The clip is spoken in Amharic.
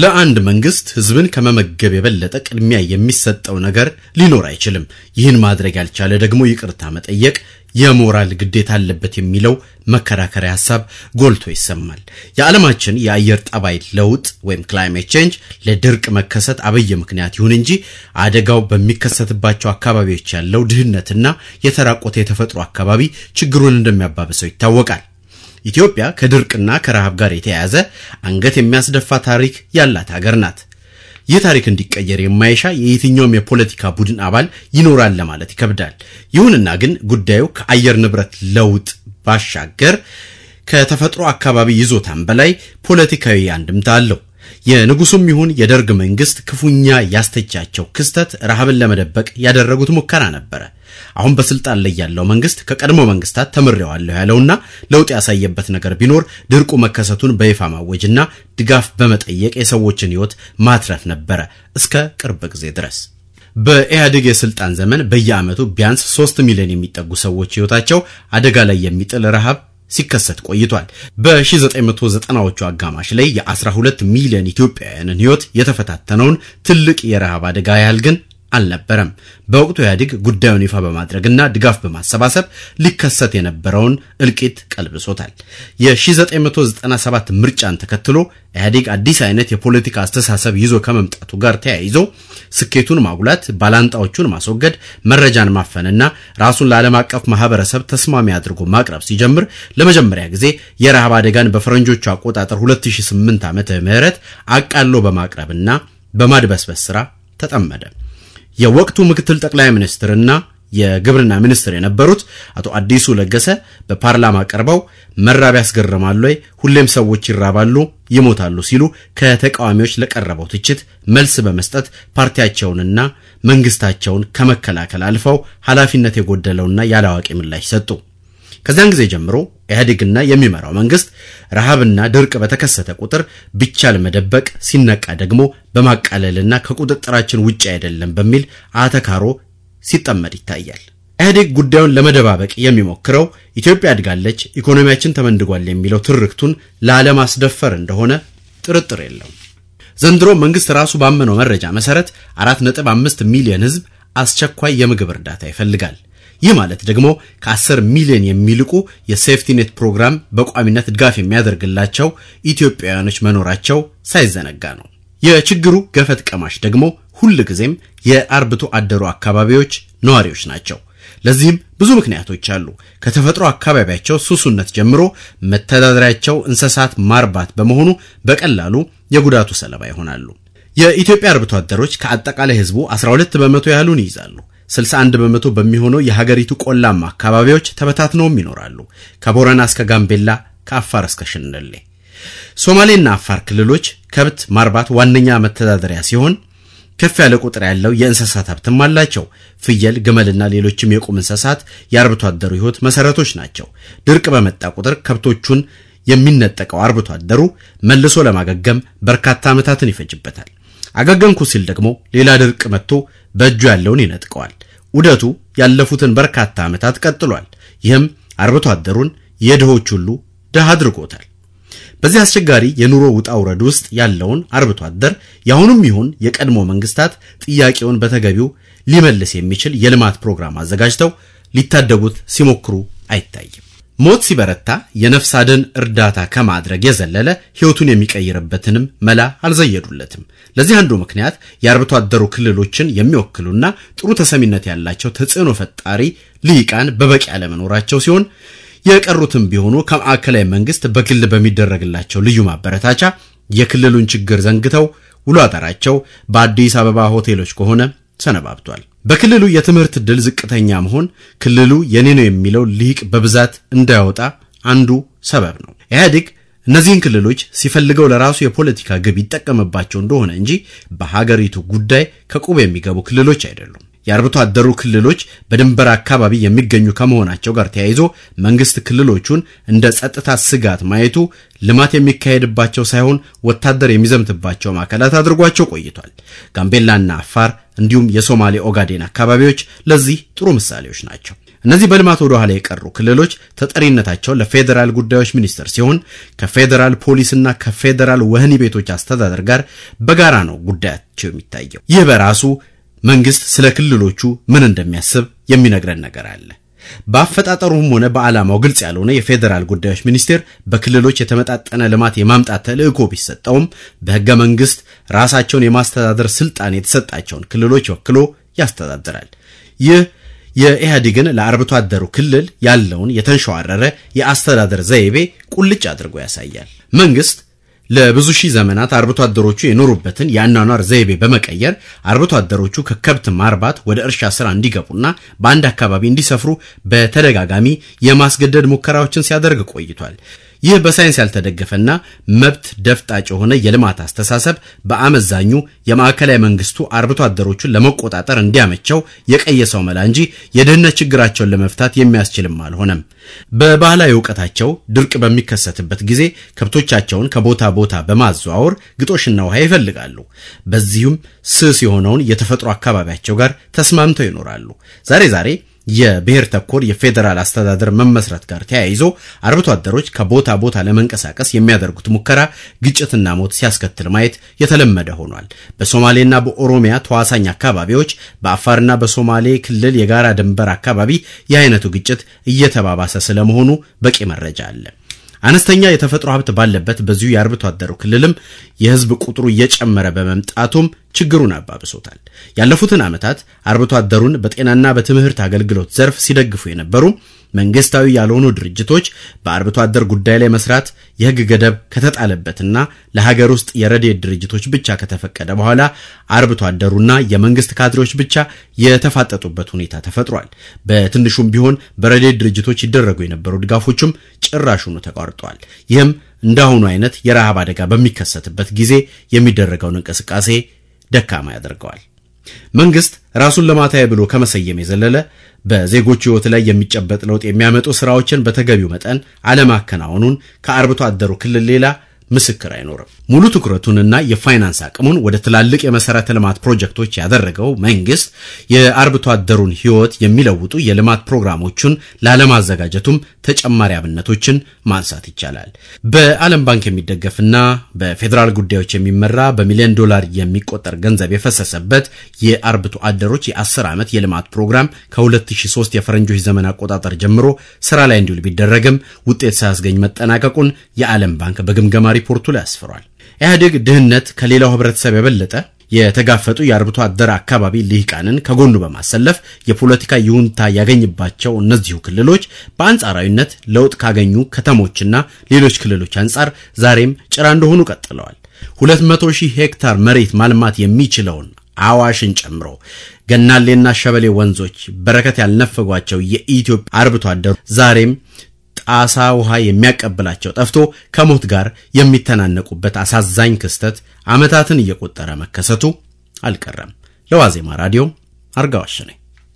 ለአንድ መንግስት ህዝብን ከመመገብ የበለጠ ቅድሚያ የሚሰጠው ነገር ሊኖር አይችልም። ይህን ማድረግ ያልቻለ ደግሞ ይቅርታ መጠየቅ የሞራል ግዴታ አለበት የሚለው መከራከሪያ ሀሳብ ጎልቶ ይሰማል። የዓለማችን የአየር ጠባይ ለውጥ ወይም ክላይሜት ቼንጅ ለድርቅ መከሰት አብይ ምክንያት ይሁን እንጂ አደጋው በሚከሰትባቸው አካባቢዎች ያለው ድህነትና የተራቆተ የተፈጥሮ አካባቢ ችግሩን እንደሚያባብሰው ይታወቃል። ኢትዮጵያ ከድርቅና ከረሃብ ጋር የተያያዘ አንገት የሚያስደፋ ታሪክ ያላት ሀገር ናት። ይህ ታሪክ እንዲቀየር የማይሻ የየትኛውም የፖለቲካ ቡድን አባል ይኖራል ለማለት ይከብዳል። ይሁንና ግን ጉዳዩ ከአየር ንብረት ለውጥ ባሻገር ከተፈጥሮ አካባቢ ይዞታም በላይ ፖለቲካዊ አንድምታ አለው። የንጉሱም ይሁን የደርግ መንግስት ክፉኛ ያስተቻቸው ክስተት ረሃብን ለመደበቅ ያደረጉት ሙከራ ነበረ። አሁን በስልጣን ላይ ያለው መንግስት ከቀድሞ መንግስታት ተምሬዋለሁ ያለውና ለውጥ ያሳየበት ነገር ቢኖር ድርቁ መከሰቱን በይፋ ማወጅና ድጋፍ በመጠየቅ የሰዎችን ህይወት ማትረፍ ነበረ እስከ ቅርብ ጊዜ ድረስ። በኢህአዴግ የስልጣን ዘመን በየዓመቱ ቢያንስ ሶስት ሚሊዮን የሚጠጉ ሰዎች ህይወታቸው አደጋ ላይ የሚጥል ረሃብ ሲከሰት ቆይቷል። በ1990ዎቹ አጋማሽ ላይ የ12 ሚሊዮን ኢትዮጵያውያንን ሕይወት የተፈታተነውን ትልቅ የረሃብ አደጋ ያህል ግን አልነበረም። በወቅቱ ኢህአዴግ ጉዳዩን ይፋ በማድረግና ድጋፍ በማሰባሰብ ሊከሰት የነበረውን እልቂት ቀልብሶታል። የ1997 ምርጫን ተከትሎ ኢህአዴግ አዲስ አይነት የፖለቲካ አስተሳሰብ ይዞ ከመምጣቱ ጋር ተያይዞ ስኬቱን ማጉላት፣ ባላንጣዎቹን ማስወገድ፣ መረጃን ማፈንና ራሱን ለዓለም አቀፍ ማህበረሰብ ተስማሚ አድርጎ ማቅረብ ሲጀምር ለመጀመሪያ ጊዜ የረሃብ አደጋን በፈረንጆቹ አቆጣጠር 2008 ዓ ም አቃሎ በማቅረብና በማድበስበስ ስራ ተጠመደ። የወቅቱ ምክትል ጠቅላይ ሚኒስትርና የግብርና ሚኒስትር የነበሩት አቶ አዲሱ ለገሰ በፓርላማ ቀርበው መራብ ያስገርማሉ ወይ ሁሌም ሰዎች ይራባሉ ይሞታሉ ሲሉ ከተቃዋሚዎች ለቀረበው ትችት መልስ በመስጠት ፓርቲያቸውንና መንግስታቸውን ከመከላከል አልፈው ኃላፊነት የጎደለውና ያላዋቂ ምላሽ ሰጡ። ከዚያን ጊዜ ጀምሮ ኢህአዴግና የሚመራው መንግስት ረሃብና ድርቅ በተከሰተ ቁጥር ብቻ መደበቅ፣ ሲነቃ ደግሞ በማቃለልና ከቁጥጥራችን ውጭ አይደለም በሚል አተካሮ ሲጠመድ ይታያል። ኢህአዴግ ጉዳዩን ለመደባበቅ የሚሞክረው ኢትዮጵያ አድጋለች፣ ኢኮኖሚያችን ተመንድጓል የሚለው ትርክቱን ላለማስደፈር እንደሆነ ጥርጥር የለውም። ዘንድሮ መንግስት ራሱ ባመነው መረጃ መሰረት 4.5 ሚሊዮን ህዝብ አስቸኳይ የምግብ እርዳታ ይፈልጋል። ይህ ማለት ደግሞ ከ10 ሚሊዮን የሚልቁ የሴፍቲኔት ፕሮግራም በቋሚነት ድጋፍ የሚያደርግላቸው ኢትዮጵያውያኖች መኖራቸው ሳይዘነጋ ነው። የችግሩ ገፈት ቀማሽ ደግሞ ሁል ጊዜም የአርብቶ አደሩ አካባቢዎች ነዋሪዎች ናቸው። ለዚህም ብዙ ምክንያቶች አሉ። ከተፈጥሮ አካባቢያቸው ሱሱነት ጀምሮ መተዳደሪያቸው እንስሳት ማርባት በመሆኑ በቀላሉ የጉዳቱ ሰለባ ይሆናሉ። የኢትዮጵያ አርብቶ አደሮች ከአጠቃላይ ሕዝቡ 12 በመቶ ያህሉን ይይዛሉ። 61 በመቶ በሚሆነው የሀገሪቱ ቆላማ አካባቢዎች ተበታትነውም ይኖራሉ። ከቦረና እስከ ጋምቤላ፣ ከአፋር እስከ ሽንሌ። ሶማሌና አፋር ክልሎች ከብት ማርባት ዋነኛ መተዳደሪያ ሲሆን ከፍ ያለ ቁጥር ያለው የእንስሳት ሀብትም አላቸው። ፍየል፣ ግመልና ሌሎችም የቁም እንስሳት የአርብቶ አደሩ ህይወት መሰረቶች ናቸው። ድርቅ በመጣ ቁጥር ከብቶቹን የሚነጠቀው አርብቶ አደሩ መልሶ ለማገገም በርካታ ዓመታትን ይፈጅበታል። አገገንኩ ሲል ደግሞ ሌላ ድርቅ መጥቶ በእጁ ያለውን ይነጥቀዋል። ውደቱ ያለፉትን በርካታ ዓመታት ቀጥሏል። ይህም አርብቶ አደሩን የድሆች ሁሉ ድሃ አድርጎታል። በዚህ አስቸጋሪ የኑሮ ውጣ ውረድ ውስጥ ያለውን አርብቶ አደር የአሁኑም ይሁን የቀድሞ መንግስታት ጥያቄውን በተገቢው ሊመልስ የሚችል የልማት ፕሮግራም አዘጋጅተው ሊታደጉት ሲሞክሩ አይታይም። ሞት ሲበረታ የነፍስ አድን እርዳታ ከማድረግ የዘለለ ሕይወቱን የሚቀይርበትንም መላ አልዘየዱለትም። ለዚህ አንዱ ምክንያት የአርብቶ አደሩ ክልሎችን የሚወክሉና ጥሩ ተሰሚነት ያላቸው ተጽዕኖ ፈጣሪ ልሂቃን በበቂ አለመኖራቸው ሲሆን የቀሩትም ቢሆኑ ከማዕከላዊ መንግስት በግል በሚደረግላቸው ልዩ ማበረታቻ የክልሉን ችግር ዘንግተው ውሎ አጠራቸው በአዲስ አበባ ሆቴሎች ከሆነ ሰነባብቷል። በክልሉ የትምህርት ድል ዝቅተኛ መሆን ክልሉ የኔ ነው የሚለው ሊቅ በብዛት እንዳይወጣ አንዱ ሰበብ ነው። ኢህአዴግ እነዚህን ክልሎች ሲፈልገው ለራሱ የፖለቲካ ግብ ይጠቀምባቸው እንደሆነ እንጂ በሀገሪቱ ጉዳይ ከቁብ የሚገቡ ክልሎች አይደሉም። የአርብቶ አደሩ ክልሎች በድንበር አካባቢ የሚገኙ ከመሆናቸው ጋር ተያይዞ መንግስት ክልሎቹን እንደ ጸጥታ ስጋት ማየቱ ልማት የሚካሄድባቸው ሳይሆን ወታደር የሚዘምትባቸው ማዕከላት አድርጓቸው ቆይቷል። ጋምቤላና አፋር እንዲሁም የሶማሌ ኦጋዴን አካባቢዎች ለዚህ ጥሩ ምሳሌዎች ናቸው። እነዚህ በልማት ወደ ኋላ የቀሩ ክልሎች ተጠሪነታቸው ለፌዴራል ጉዳዮች ሚኒስቴር ሲሆን ከፌዴራል ፖሊስና ከፌዴራል ወህኒ ቤቶች አስተዳደር ጋር በጋራ ነው ጉዳያቸው የሚታየው። ይህ በራሱ መንግስት ስለ ክልሎቹ ምን እንደሚያስብ የሚነግረን ነገር አለ። በአፈጣጠሩም ሆነ በዓላማው ግልጽ ያልሆነ የፌዴራል ጉዳዮች ሚኒስቴር በክልሎች የተመጣጠነ ልማት የማምጣት ተልዕኮ ቢሰጠውም በሕገ መንግሥት ራሳቸውን የማስተዳደር ስልጣን የተሰጣቸውን ክልሎች ወክሎ ያስተዳድራል። ይህ የኢህአዴግን ለአርብቶ አደሩ ክልል ያለውን የተንሸዋረረ የአስተዳደር ዘይቤ ቁልጭ አድርጎ ያሳያል። መንግስት ለብዙ ሺህ ዘመናት አርብቶ አደሮቹ የኖሩበትን የአኗኗር ዘይቤ በመቀየር አርብቶ አደሮቹ ከከብት ማርባት ወደ እርሻ ስራ እንዲገቡና በአንድ አካባቢ እንዲሰፍሩ በተደጋጋሚ የማስገደድ ሙከራዎችን ሲያደርግ ቆይቷል። ይህ በሳይንስ ያልተደገፈና መብት ደፍጣጭ የሆነ የልማት አስተሳሰብ በአመዛኙ የማዕከላዊ መንግስቱ አርብቶ አደሮቹን ለመቆጣጠር እንዲያመቸው የቀየሰው መላ እንጂ የድህነት ችግራቸውን ለመፍታት የሚያስችልም አልሆነም። በባህላዊ እውቀታቸው ድርቅ በሚከሰትበት ጊዜ ከብቶቻቸውን ከቦታ ቦታ በማዘዋወር ግጦሽና ውሃ ይፈልጋሉ። በዚሁም ስስ የሆነውን የተፈጥሮ አካባቢያቸው ጋር ተስማምተው ይኖራሉ። ዛሬ ዛሬ የብሔር ተኮር የፌዴራል አስተዳደር መመስረት ጋር ተያይዞ አርብቶ አደሮች ከቦታ ቦታ ለመንቀሳቀስ የሚያደርጉት ሙከራ ግጭትና ሞት ሲያስከትል ማየት የተለመደ ሆኗል። በሶማሌና በኦሮሚያ ተዋሳኝ አካባቢዎች፣ በአፋርና በሶማሌ ክልል የጋራ ድንበር አካባቢ የአይነቱ ግጭት እየተባባሰ ስለመሆኑ በቂ መረጃ አለ። አነስተኛ የተፈጥሮ ሀብት ባለበት በዚሁ የአርብቶ አደሩ ክልልም የህዝብ ቁጥሩ እየጨመረ በመምጣቱም ችግሩን አባብሶታል። ያለፉትን ዓመታት አርብቶ አደሩን በጤናና በትምህርት አገልግሎት ዘርፍ ሲደግፉ የነበሩ መንግስታዊ ያልሆኑ ድርጅቶች በአርብቶ አደር ጉዳይ ላይ መስራት የህግ ገደብ ከተጣለበትና ለሀገር ውስጥ የረድኤት ድርጅቶች ብቻ ከተፈቀደ በኋላ አርብቶ አደሩና የመንግስት ካድሬዎች ብቻ የተፋጠጡበት ሁኔታ ተፈጥሯል። በትንሹም ቢሆን በረድኤት ድርጅቶች ይደረጉ የነበሩ ድጋፎችም ጭራሹኑ ተቋርጧል። ይህም እንዳሁኑ አይነት የረሃብ አደጋ በሚከሰትበት ጊዜ የሚደረገውን እንቅስቃሴ ደካማ ያደርገዋል። መንግስት ራሱን ለማታየ ብሎ ከመሰየም የዘለለ በዜጎች ህይወት ላይ የሚጨበጥ ለውጥ የሚያመጡ ስራዎችን በተገቢው መጠን አለማከናወኑን ከአርብቶ አደሩ ክልል ሌላ ምስክር አይኖርም። ሙሉ ትኩረቱንና የፋይናንስ አቅሙን ወደ ትላልቅ የመሰረተ ልማት ፕሮጀክቶች ያደረገው መንግስት የአርብቶ አደሩን ህይወት የሚለውጡ የልማት ፕሮግራሞቹን ላለማዘጋጀቱም ተጨማሪ አብነቶችን ማንሳት ይቻላል። በዓለም ባንክ የሚደገፍና በፌዴራል ጉዳዮች የሚመራ በሚሊዮን ዶላር የሚቆጠር ገንዘብ የፈሰሰበት የአርብቶ አደሮች የ10 ዓመት የልማት ፕሮግራም ከ2003 የፈረንጆች ዘመን አቆጣጠር ጀምሮ ስራ ላይ እንዲውል ቢደረግም ውጤት ሳያስገኝ መጠናቀቁን የዓለም ባንክ በግምገማ ሪፖርቱ ላይ አስፍሯል። ኢህአዴግ ድህነት ከሌላው ህብረተሰብ የበለጠ የተጋፈጡ የአርብቶ አደር አካባቢ ልሂቃንን ከጎኑ በማሰለፍ የፖለቲካ ይሁንታ ያገኝባቸው እነዚሁ ክልሎች በአንጻራዊነት ለውጥ ካገኙ ከተሞችና ሌሎች ክልሎች አንጻር ዛሬም ጭራ እንደሆኑ ቀጥለዋል። 200 ሄክታር መሬት ማልማት የሚችለውን አዋሽን ጨምሮ ገናሌና ሸበሌ ወንዞች በረከት ያልነፈጓቸው የኢትዮጵያ አርብቶ አደሩ ዛሬም ጣሳ ውሃ የሚያቀብላቸው ጠፍቶ ከሞት ጋር የሚተናነቁበት አሳዛኝ ክስተት ዓመታትን እየቆጠረ መከሰቱ አልቀረም። ለዋዜማ ራዲዮ አርጋዋሽ ነኝ።